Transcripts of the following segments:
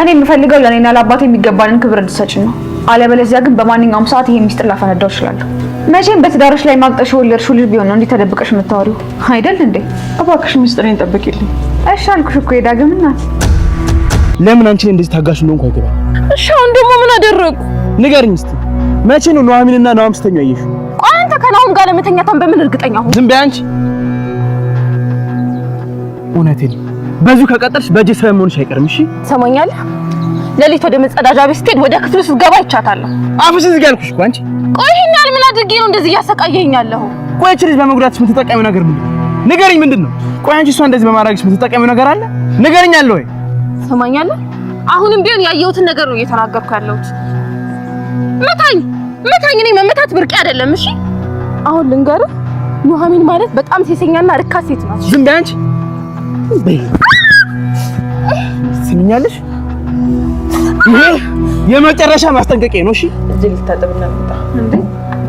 እኔ የምፈልገው ለእኔና ለአባቴ የሚገባንን ክብር እንድትሰጪኝ ነው። አለበለዚያ ግን በማንኛውም ሰዓት ይሄ ሚስጥር ላፈነዳው እችላለሁ። መቼም በትዳርሽ ላይ ማግጠሽ የወለድሽው ልጅ ቢሆን ነው እንዲህ ተደብቀሽ የምታወሪው አይደል እንዴ? እባክሽ ምስጢሬን ጠብቂልኝ። እሺ አልኩሽ እኮ የዳግም እናት። ለምን አንቺ እንደዚህ ታጋሽ እንደሆንኩ አይገባም። እሺ አሁን ደግሞ ምን አደረጉ? ንገሪኝ እስቲ። መቼ ነው ኑሐሚንና ናሆም ስተኛ አየሽው? ቆይ አንተ ከናሆም ጋር ለመተኛታን በምን እርግጠኛ ሆንክ? ዝም በይ አንቺ። እውነቴን በዚሁ ከቀጠልሽ በእጄ ስራ መሆንሽ አይቀርም። እሺ ሰሞኛል። ሌሊት ወደ መጸዳጃ ቤት ስትሄድ ወደ ክፍሉ ስትገባ ይቻታለሁ። አፍሽ እዚህ ጋር ያልኩሽ እኮ አንቺ። ቆይ ይሄን ያህል ምን አድርጌ ነው እንደዚህ እያሰቃየኸኝ ያለኸው? ቆይ እቺ ልጅ በመጉዳትሽ ምን ነገር ምንድን ነው? ንገሪኝ፣ ምንድን ነው? ቆይ አንቺ እሷ እንደዚህ በማድረግሽ የምትጠቀሚው ነገር አለ? ንገሪኝ አለ ወይ? ሰማኛለህ። አሁንም ቢሆን ያየሁትን ነገር ነው እየተናገርኩ ያለሁት። መታኝ፣ መታኝ። እኔ መመታት ብርቅ አይደለም። እሺ አሁን ልንገርህ፣ ኑሐሚን ማለት በጣም ሴሰኛና ርካ ሴት ናት። ዝም በይ አንቺ ስሚኛለሽ? ይሄ የመጨረሻ ማስጠንቀቂያ ነው። እሺ፣ እዚህ ልታጠብና እንዴ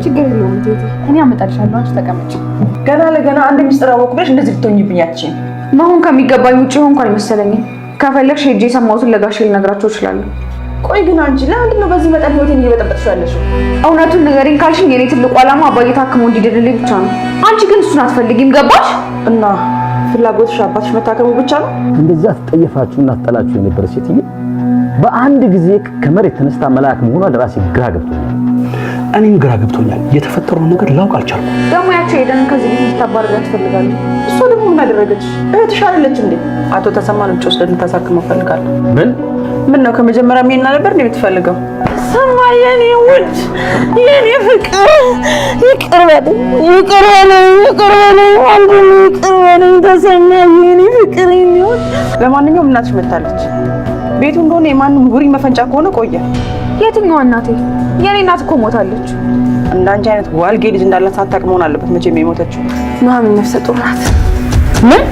ችግር የለውም ቴቴ፣ እኔ አመጣልሻለሁ። አንቺ ተቀመጪ። ገና ለገና አንድ ሚስጥር አወቅ ብለሽ እንደዚህ ልትሆኝብኝ አትችይም። መሆን ከሚገባኝ ውጭ ሆንኩ አልመሰለኝም። ከፈለግሽ ሄጄ የሰማሁትን ለጋሼ ልነግራቸው እችላለሁ። ቆይ ግን አንቺ ለምንድን ነው በዚህ መጠን ህይወቴን እየበጠበጥሽ ያለሽው? እውነቱን ንገሪኝ ካልሽኝ የኔ ትልቁ ዓላማ አባዬ ታክሞ እንዲድንልኝ ብቻ ነው። አንቺ ግን እሱን አትፈልጊም። ገባሽ እና ፍላጎትሽ አባትሽ መታከሙ ብቻ ነው። እንደዛ ትጠየፋችሁ እና ትጠላችሁ የነበረ ሴትዬ በአንድ ጊዜ ከመሬት ተነስታ መልአክ መሆኗ ለራሴ ግራ ገብቶኛል። እኔም ግራ ገብቶኛል። የተፈጠረውን ነገር ላውቅ አልቻልኩም። ደግሞ ያቸው ሄደን ከዚህ ቤት እንድታባረር ትፈልጋለህ። እሷ ደግሞ ምን አደረገች? እህትሽ አይደለች እንዴ? አቶ ተሰማን ውጭ ወስደን ልታሳክመው እፈልጋለሁ። ምን ምን ነው ከመጀመሪያ ሚሄና ነበር እንዴ የምትፈልገው? ስማ የኔ ውድ የኔ ፍቅር ይቅር በለኝ፣ ይቅር በለኝ፣ ይቅር በለኝ፣ ወንድም ይቅር በለኝ። ተሰማ የኔ ፍቅር የሚሆን ለማንኛውም እናትሽ መታለች። ቤቱ እንደሆነ የማንም ጉሪ መፈንጫ ከሆነ ቆየ። የትኛዋ እናቴ? የኔ እናት እኮ ሞታለች። እንዳንቺ አይነት ዋልጌ ልጅ እንዳላት ሳታውቅ መሆን አለበት መቼም የሞተችው። ኑሐሚን ነፍሰ ጡር ናት። ምን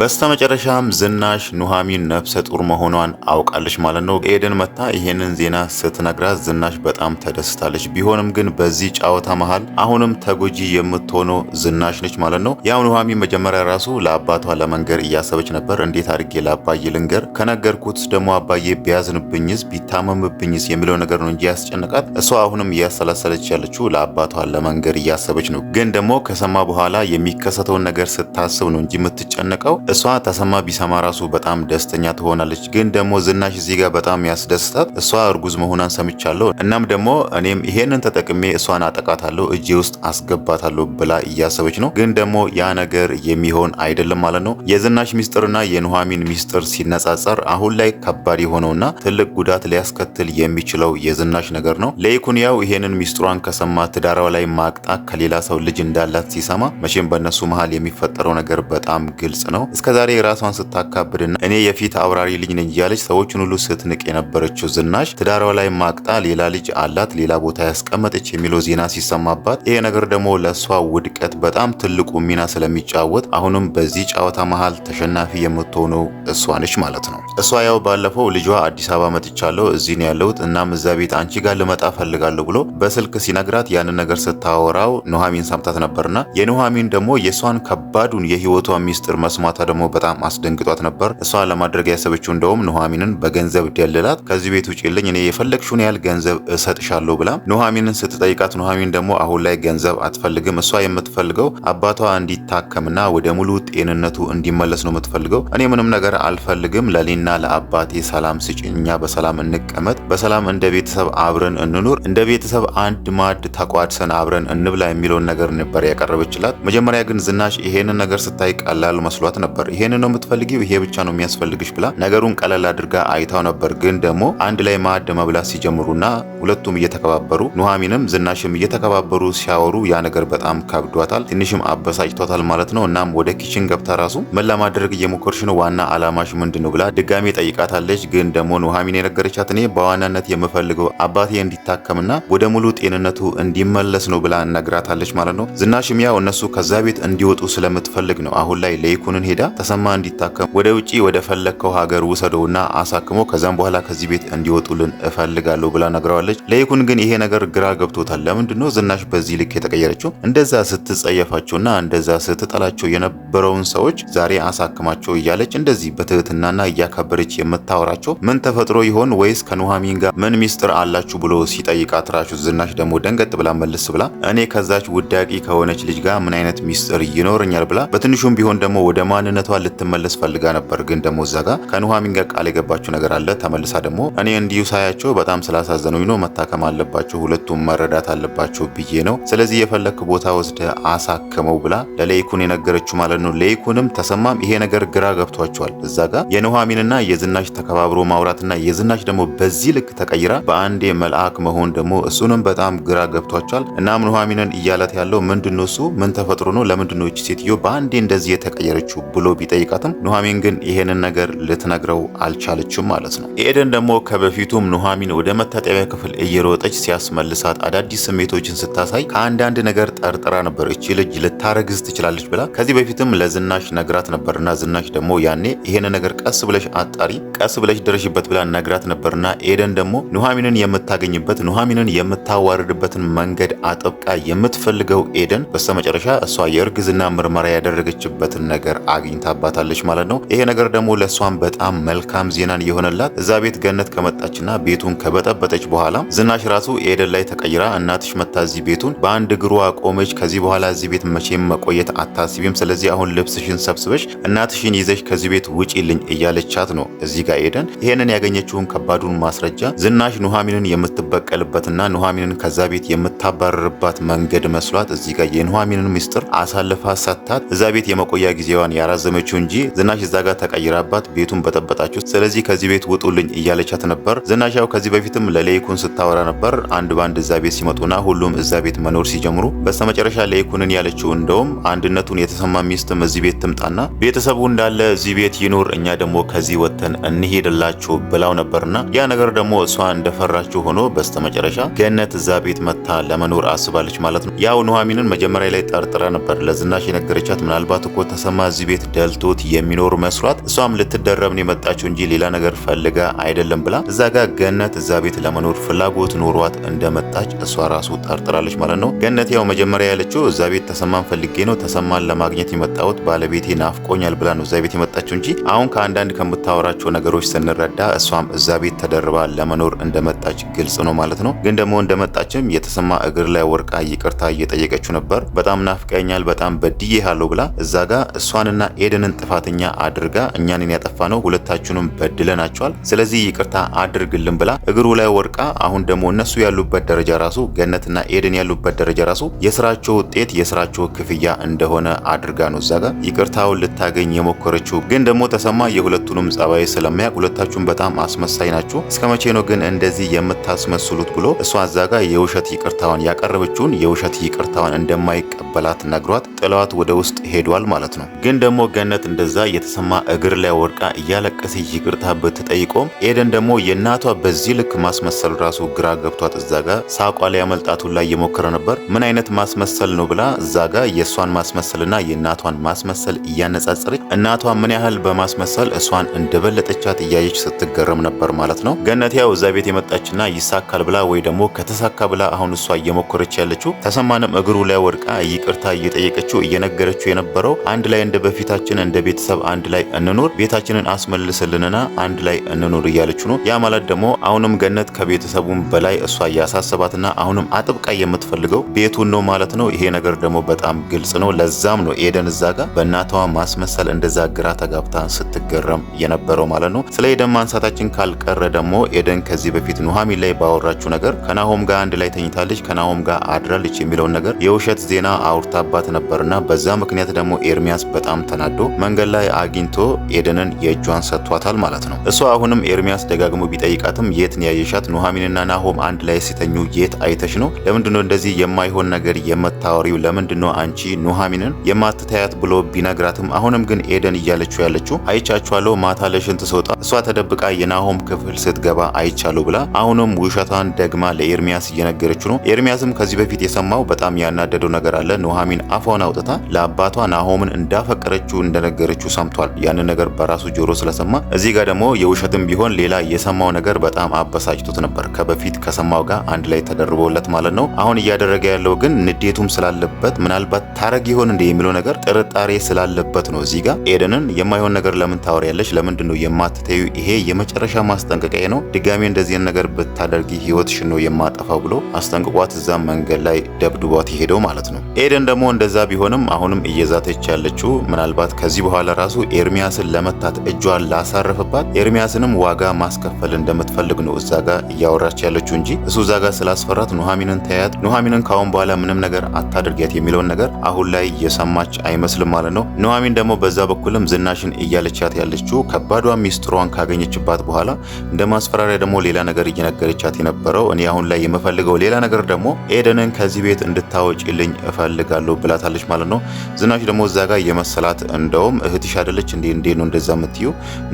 በስተመጨረሻም ዝናሽ ኑሐሚን ነፍሰ ጡር መሆኗን አውቃለች ማለት ነው። ኤደን መታ ይሄንን ዜና ስትነግራት ዝናሽ በጣም ተደስታለች። ቢሆንም ግን በዚህ ጨዋታ መሃል አሁንም ተጎጂ የምትሆነው ዝናሽ ነች ማለት ነው። ያው ኑሐሚን መጀመሪያ ራሱ ለአባቷ ለመንገር እያሰበች ነበር። እንዴት አድርጌ ለአባዬ ልንገር? ከነገርኩት ደግሞ አባዬ ቢያዝንብኝስ ቢታመምብኝስ የሚለው ነገር ነው እንጂ ያስጨነቃት። እሷ አሁንም እያሰላሰለች ያለችው ለአባቷ ለመንገር እያሰበች ነው። ግን ደግሞ ከሰማ በኋላ የሚከሰተውን ነገር ስታስብ ነው እንጂ የምትጨነቀው እሷ ተሰማ ቢሰማ ራሱ በጣም ደስተኛ ትሆናለች። ግን ደግሞ ዝናሽ እዚህ ጋር በጣም ያስደስታት እሷ እርጉዝ መሆኗን ሰምቻለሁ። እናም ደግሞ እኔም ይሄንን ተጠቅሜ እሷን አጠቃታለሁ፣ እጄ ውስጥ አስገባታለሁ ብላ እያሰበች ነው። ግን ደግሞ ያ ነገር የሚሆን አይደለም ማለት ነው። የዝናሽ ሚስጥርና የኑሐሚን ሚስጥር ሲነጻጸር አሁን ላይ ከባድ የሆነውና ትልቅ ጉዳት ሊያስከትል የሚችለው የዝናሽ ነገር ነው። ለይኩንያው ይሄንን ሚስጥሯን ከሰማ ትዳራው ላይ ማቅጣት ከሌላ ሰው ልጅ እንዳላት ሲሰማ መቼም በእነሱ መሀል የሚፈጠረው ነገር በጣም ግልጽ ነው። እስከዛሬ ራሷን ስታካብድና እኔ የፊት አብራሪ ልጅ ነኝ እያለች ሰዎችን ሁሉ ስትንቅ የነበረችው ዝናሽ ትዳሯ ላይ ማቅጣ ሌላ ልጅ አላት ሌላ ቦታ ያስቀመጠች የሚለው ዜና ሲሰማባት ይሄ ነገር ደግሞ ለእሷ ውድቀት በጣም ትልቁ ሚና ስለሚጫወት አሁንም በዚህ ጨዋታ መሀል ተሸናፊ የምትሆነው እሷ ነች ማለት ነው። እሷ ያው ባለፈው ልጇ አዲስ አበባ መጥቻለሁ እዚህ ነው ያለሁት እናም እዛ ቤት አንቺ ጋር ልመጣ ፈልጋለሁ ብሎ በስልክ ሲነግራት ያንን ነገር ስታወራው ኑሐሚን ሰምታት ነበርና የኑሐሚን ደግሞ የእሷን ከባዱን የህይወቷ ሚስጥር መስማት ደግሞ በጣም አስደንግጧት ነበር። እሷ ለማድረግ ያሰበችው እንደውም ኑሐሚንን በገንዘብ ደልላት ከዚህ ቤት ውጭልኝ እኔ የፈለግሽውን ያህል ገንዘብ እሰጥሻለሁ ብላ ኑሐሚንን ስትጠይቃት ኑሐሚን ደግሞ አሁን ላይ ገንዘብ አትፈልግም። እሷ የምትፈልገው አባቷ እንዲታከምና ወደ ሙሉ ጤንነቱ እንዲመለስ ነው የምትፈልገው። እኔ ምንም ነገር አልፈልግም፣ ለሊና ለአባቴ ሰላም ስጭኝ፣ እኛ በሰላም እንቀመጥ፣ በሰላም እንደ ቤተሰብ አብረን እንኑር፣ እንደ ቤተሰብ አንድ ማድ ተቋድሰን አብረን እንብላ የሚለውን ነገር ነበር ያቀረበችላት። መጀመሪያ ግን ዝናሽ ይሄንን ነገር ስታይ ቀላል መስሏት ነበር። ነበር። ይሄን ነው የምትፈልጊው፣ ይሄ ብቻ ነው የሚያስፈልግሽ ብላ ነገሩን ቀለል አድርጋ አይታው ነበር። ግን ደግሞ አንድ ላይ ማዕድ መብላት ሲጀምሩና ሁለቱም እየተከባበሩ ኑሐሚንም ዝናሽም እየተከባበሩ ሲያወሩ ያ ነገር በጣም ከብዷታል፣ ትንሽም አበሳጭቷታል ማለት ነው። እናም ወደ ኪችን ገብታ ራሱ ምን ለማድረግ እየሞከርሽ ነው? ዋና አላማሽ ምንድን ነው ብላ ድጋሜ ጠይቃታለች። ግን ደግሞ ኑሐሚን የነገረቻት እኔ በዋናነት የምፈልገው አባቴ እንዲታከምና ወደ ሙሉ ጤንነቱ እንዲመለስ ነው ብላ ነግራታለች ማለት ነው። ዝናሽም ያው እነሱ ከዛ ቤት እንዲወጡ ስለምትፈልግ ነው አሁን ላይ ለይኩንን ሄዳ ተሰማ እንዲታከም ወደ ውጪ ወደ ፈለግከው ሀገር ውሰደውና አሳክሞ ከዛም በኋላ ከዚህ ቤት እንዲወጡልን እፈልጋለሁ ብላ ነግረዋለች። ለይኩን ግን ይሄ ነገር ግራ ገብቶታል። ለምንድን ነው ዝናሽ በዚህ ልክ የተቀየረችው? እንደዛ ስትጸየፋቸውና እንደዛ ስትጠላቸው የነበረውን ሰዎች ዛሬ አሳክማቸው እያለች እንደዚህ በትህትናና እያከበረች የምታወራቸው ምን ተፈጥሮ ይሆን ወይስ ከኑሐሚን ጋር ምን ሚስጥር አላችሁ ብሎ ሲጠይቃት ራሹ ዝናሽ ደግሞ ደንገጥ ብላ መልስ ብላ እኔ ከዛች ውዳቂ ከሆነች ልጅ ጋር ምን አይነት ሚስጥር ይኖረኛል ብላ በትንሹም ቢሆን ደግሞ ወደ ማንነት እምነቷን ልትመለስ ፈልጋ ነበር። ግን ደግሞ እዛ ጋ ከኑሐሚን ጋር ቃል የገባችው ነገር አለ። ተመልሳ ደግሞ እኔ እንዲሁ ሳያቸው በጣም ስላሳዘኑኝ ነው፣ መታከም አለባቸው፣ ሁለቱም መረዳት አለባቸው ብዬ ነው። ስለዚህ የፈለክ ቦታ ወስደ አሳክመው ብላ ለሌይኩን የነገረችው ማለት ነው። ሌይኩንም ተሰማም ይሄ ነገር ግራ ገብቷቸዋል። እዛ ጋ የኑሐሚንና የዝናሽ ተከባብሮ ማውራትና የዝናሽ ደግሞ በዚህ ልክ ተቀይራ በአንዴ መልአክ መሆን ደግሞ እሱንም በጣም ግራ ገብቷቸዋል። እናም ኑሐሚንን እያላት ያለው ምንድነው እሱ ምን ተፈጥሮ ነው? ለምንድነው እቺ ሴትዮ በአንዴ እንደዚህ የተቀየረችው ብሎ ብሎ ቢጠይቃትም ኑሐሚን ግን ይሄንን ነገር ልትነግረው አልቻለችም ማለት ነው። ኤደን ደግሞ ከበፊቱም ኑሐሚን ወደ መታጠቢያ ክፍል እየሮጠች ሲያስመልሳት አዳዲስ ስሜቶችን ስታሳይ ከአንዳንድ ነገር ጠርጥራ ነበር። እቺ ልጅ ልታረግዝ ትችላለች ብላ ከዚህ በፊትም ለዝናሽ ነግራት ነበርና ዝናሽ ደግሞ ያኔ ይሄን ነገር ቀስ ብለሽ አጣሪ፣ ቀስ ብለሽ ደረሽበት ብላ ነግራት ነበርና ኤደን ደግሞ ኑሐሚንን የምታገኝበት ኑሐሚንን የምታዋርድበትን መንገድ አጥብቃ የምትፈልገው ኤደን በስተመጨረሻ እሷ የእርግዝና ምርመራ ያደረገችበትን ነገር አግኝ አግኝታባታለች ማለት ነው። ይሄ ነገር ደግሞ ለእሷም በጣም መልካም ዜናን የሆነላት እዛ ቤት ገነት ከመጣችና ቤቱን ከበጠበጠች በኋላ ዝናሽ ራሱ ኤደን ላይ ተቀይራ እናትሽ መታ እዚህ ቤቱን በአንድ እግሯ ቆመች። ከዚህ በኋላ እዚህ ቤት መቼም መቆየት አታስቢም። ስለዚህ አሁን ልብስሽን ሰብስበሽ እናትሽን ይዘሽ ከዚህ ቤት ውጪልኝ እያለቻት ነው እዚህ ጋር ኤደን። ይሄንን ያገኘችውን ከባዱን ማስረጃ ዝናሽ ኑሐሚንን የምትበቀልበትና ኑሐሚንን ከዛ ቤት የምታባረርባት መንገድ መስሏት እዚህ ጋር የኑሐሚንን ምስጢር አሳልፋ ሰታት እዛ ቤት የመቆያ ጊዜዋን ያራዘ ያስረዘመችው እንጂ ዝናሽ እዛ ጋር ተቀይራባት ቤቱን በጠበጣችሁ። ስለዚህ ከዚህ ቤት ውጡልኝ እያለቻት ነበር። ዝናሽ ያው ከዚህ በፊትም ለሌይኩን ስታወራ ነበር። አንድ በአንድ እዛ ቤት ሲመጡና ሁሉም እዛ ቤት መኖር ሲጀምሩ በስተመጨረሻ ሌይኩንን ያለችው እንደውም አንድነቱን የተሰማ ሚስትም እዚህ ቤት ትምጣና ቤተሰቡ እንዳለ እዚህ ቤት ይኖር እኛ ደግሞ ከዚህ ወጥተን እንሄድላችሁ ብላው ነበርና ያ ነገር ደግሞ እሷ እንደፈራችሁ ሆኖ በስተመጨረሻ ገነት እዛ ቤት መታ ለመኖር አስባለች ማለት ነው። ያው ኑሐሚንን መጀመሪያ ላይ ጠርጥራ ነበር ለዝናሽ የነገረቻት ምናልባት እኮ ተሰማ እዚህ ቤት ደልቶት የሚኖር መስሏት እሷም ልትደረብን የመጣችው እንጂ ሌላ ነገር ፈልጋ አይደለም ብላ እዛ ጋር ገነት እዛ ቤት ለመኖር ፍላጎት ኖሯት እንደመጣች እሷ ራሱ ጠርጥራለች ማለት ነው። ገነት ያው መጀመሪያ ያለችው እዛ ቤት ተሰማን ፈልጌ ነው ተሰማን ለማግኘት የመጣሁት ባለቤቴ ናፍቆኛል ብላ ነው እዛ ቤት የመጣችው እንጂ አሁን ከአንዳንድ ከምታወራቸው ነገሮች ስንረዳ እሷም እዛ ቤት ተደርባ ለመኖር እንደመጣች ግልጽ ነው ማለት ነው። ግን ደግሞ እንደመጣችም የተሰማ እግር ላይ ወርቃ ይቅርታ እየጠየቀችው ነበር። በጣም ናፍቀኛል፣ በጣም በድዬ ሃለሁ ብላ እዛ ጋ እሷንና ኤደንን ጥፋተኛ አድርጋ እኛንን ያጠፋ ነው ሁለታችሁንም በድለናቸዋል፣ ስለዚህ ይቅርታ አድርግልን ብላ እግሩ ላይ ወርቃ አሁን ደግሞ እነሱ ያሉበት ደረጃ ራሱ ገነትና ኤደን ያሉበት ደረጃ ራሱ የስራቸው ውጤት የስራቸው ክፍያ እንደሆነ አድርጋ ነው እዛ ጋር ይቅርታውን ልታገኝ የሞከረችው። ግን ደግሞ ተሰማ የሁለቱንም ጸባይ ስለሚያውቅ ሁለታችሁም በጣም አስመሳይ ናችሁ፣ እስከ መቼ ነው ግን እንደዚህ የምታስመስሉት ብሎ እሷ እዛ ጋር የውሸት ይቅርታዋን ያቀረበችውን የውሸት ይቅርታዋን እንደማይቀበላት ነግሯት ጥለዋት ወደ ውስጥ ሄዷል ማለት ነው። ግን ደግሞ ገነት እንደዛ እየተሰማ እግር ላይ ወድቃ እያለቀሰ ይቅርታ ብትጠይቆም ኤደን ደግሞ የእናቷ በዚህ ልክ ማስመሰል ራሱ ግራ ገብቷት እዛ ጋ ሳቋ ላይ ያመልጣቱን ላይ እየሞከረ ነበር። ምን አይነት ማስመሰል ነው ብላ እዛ ጋ የእሷን ማስመሰልና የእናቷን ማስመሰል እያነጻጸረች እናቷ ምን ያህል በማስመሰል እሷን እንደበለጠቻት እያየች ስትገረም ነበር ማለት ነው። ገነት ያው እዛ ቤት የመጣችና ይሳካል ብላ ወይ ደግሞ ከተሳካ ብላ አሁን እሷ እየሞከረች ያለችው ተሰማንም እግሩ ላይ ወድቃ ይቅርታ እየጠየቀችው እየነገረችው የነበረው አንድ ላይ እንደ በፊታ ቤታችን እንደ ቤተሰብ አንድ ላይ እንኖር፣ ቤታችንን አስመልስልንና አንድ ላይ እንኖር እያለች ነው። ያ ማለት ደግሞ አሁንም ገነት ከቤተሰቡም በላይ እሷ እያሳሰባትና አሁንም አጥብቃ የምትፈልገው ቤቱን ነው ማለት ነው። ይሄ ነገር ደግሞ በጣም ግልጽ ነው። ለዛም ነው ኤደን እዛ ጋር በእናቷ ማስመሰል እንደዛ ግራ ተጋብታ ስትገረም የነበረው ማለት ነው። ስለ ኤደን ማንሳታችን ካልቀረ ደግሞ ኤደን ከዚህ በፊት ኑሐሚን ላይ ባወራችው ነገር ከናሆም ጋር አንድ ላይ ተኝታለች፣ ከናሆም ጋር አድራለች የሚለውን ነገር የውሸት ዜና አውርታባት ነበርና በዛ ምክንያት ደግሞ ኤርሚያስ በጣም ተናደ ተናዶ መንገድ ላይ አግኝቶ ኤደንን የእጇን ሰጥቷታል ማለት ነው። እሷ አሁንም ኤርሚያስ ደጋግሞ ቢጠይቃትም የትን ያየሻት ኑሐሚንና ናሆም አንድ ላይ ሲተኙ የት አይተሽ ነው? ለምንድነው እንደዚህ የማይሆን ነገር የምታወሪው? ለምንድነው አንቺ ኑሐሚንን የማትታያት ብሎ ቢነግራትም አሁንም ግን ኤደን እያለችው ያለችው አይቻችኋለሁ ማታ ለሽንት ስወጣ እሷ ተደብቃ የናሆም ክፍል ስትገባ አይቻሉ ብላ አሁንም ውሸቷን ደግማ ለኤርሚያስ እየነገረችው ነው። ኤርሚያስም ከዚህ በፊት የሰማው በጣም ያናደደው ነገር አለ። ኑሐሚን አፏን አውጥታ ለአባቷ ናሆምን እንዳፈቀረችው እንደነገረችው ሰምቷል። ያንን ነገር በራሱ ጆሮ ስለሰማ እዚህ ጋር ደግሞ የውሸትም ቢሆን ሌላ የሰማው ነገር በጣም አበሳጭቶት ነበር። ከበፊት ከሰማው ጋር አንድ ላይ ተደርቦለት ማለት ነው። አሁን እያደረገ ያለው ግን ንዴቱም ስላለበት ምናልባት ታረግ ይሆን እንደ የሚለው ነገር ጥርጣሬ ስላለበት ነው። እዚህ ጋር ኤደንን የማይሆን ነገር ለምን ታወሪያለሽ? ለምንድን ነው የማትተዩ? ይሄ የመጨረሻ ማስጠንቀቂያ ነው። ድጋሚ እንደዚህን ነገር ብታደርጊ ህይወትሽን ነው የማጠፋው ብሎ አስጠንቅቋት እዛ መንገድ ላይ ደብድቧት የሄደው ማለት ነው። ኤደን ደግሞ እንደዛ ቢሆንም አሁንም እየዛተች ያለችው ምናልባት ለማስገባት ከዚህ በኋላ ራሱ ኤርሚያስን ለመታት እጇን ላሳረፈባት ኤርሚያስንም ዋጋ ማስከፈል እንደምትፈልግ ነው እዛ ጋ እያወራች ያለችው እንጂ እሱ እዛ ጋ ስላስፈራት ኑሐሚንን ተያያት፣ ኑሐሚንን ካሁን በኋላ ምንም ነገር አታድርጊያት የሚለውን ነገር አሁን ላይ የሰማች አይመስልም ማለት ነው። ኑሐሚን ደግሞ በዛ በኩልም ዝናሽን እያለቻት ያለችው ከባዷ ሚስጥሯን ካገኘችባት በኋላ እንደ ማስፈራሪያ ደግሞ ሌላ ነገር እየነገረቻት የነበረው እኔ አሁን ላይ የምፈልገው ሌላ ነገር ደግሞ ኤደንን ከዚህ ቤት እንድታወጭልኝ እፈልጋለሁ ብላታለች ማለት ነው። ዝናሽ ደግሞ እዛ ጋ የመሰላት እንደውም እህትሽ አይደለች እንዴ እንዴ ነው እንደዛ የምትዩ?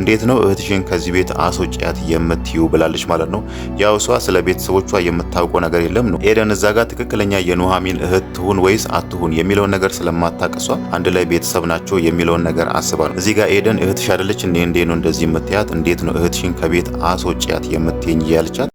እንዴት ነው እህትሽን ከዚህ ቤት አስወጪያት የምትዩ ብላለች ማለት ነው። ያው እሷ ስለ ቤተሰቦቿ የምታውቀው ነገር የለም ነው ኤደን እዛ ጋር ትክክለኛ የኑሐሚን እህት ትሁን ወይስ አትሁን የሚለውን ነገር ስለማታቅሷ አንድ ላይ ቤተሰብ ናቸው የሚለውን ነገር አስባ ነው እዚህ ጋር ኤደን እህትሽ አይደለች እንዴ እንዴ ነው እንደዚህ የምትያት? እንዴት ነው እህትሽን ከቤት አስወጪያት የምትኝ እያለቻት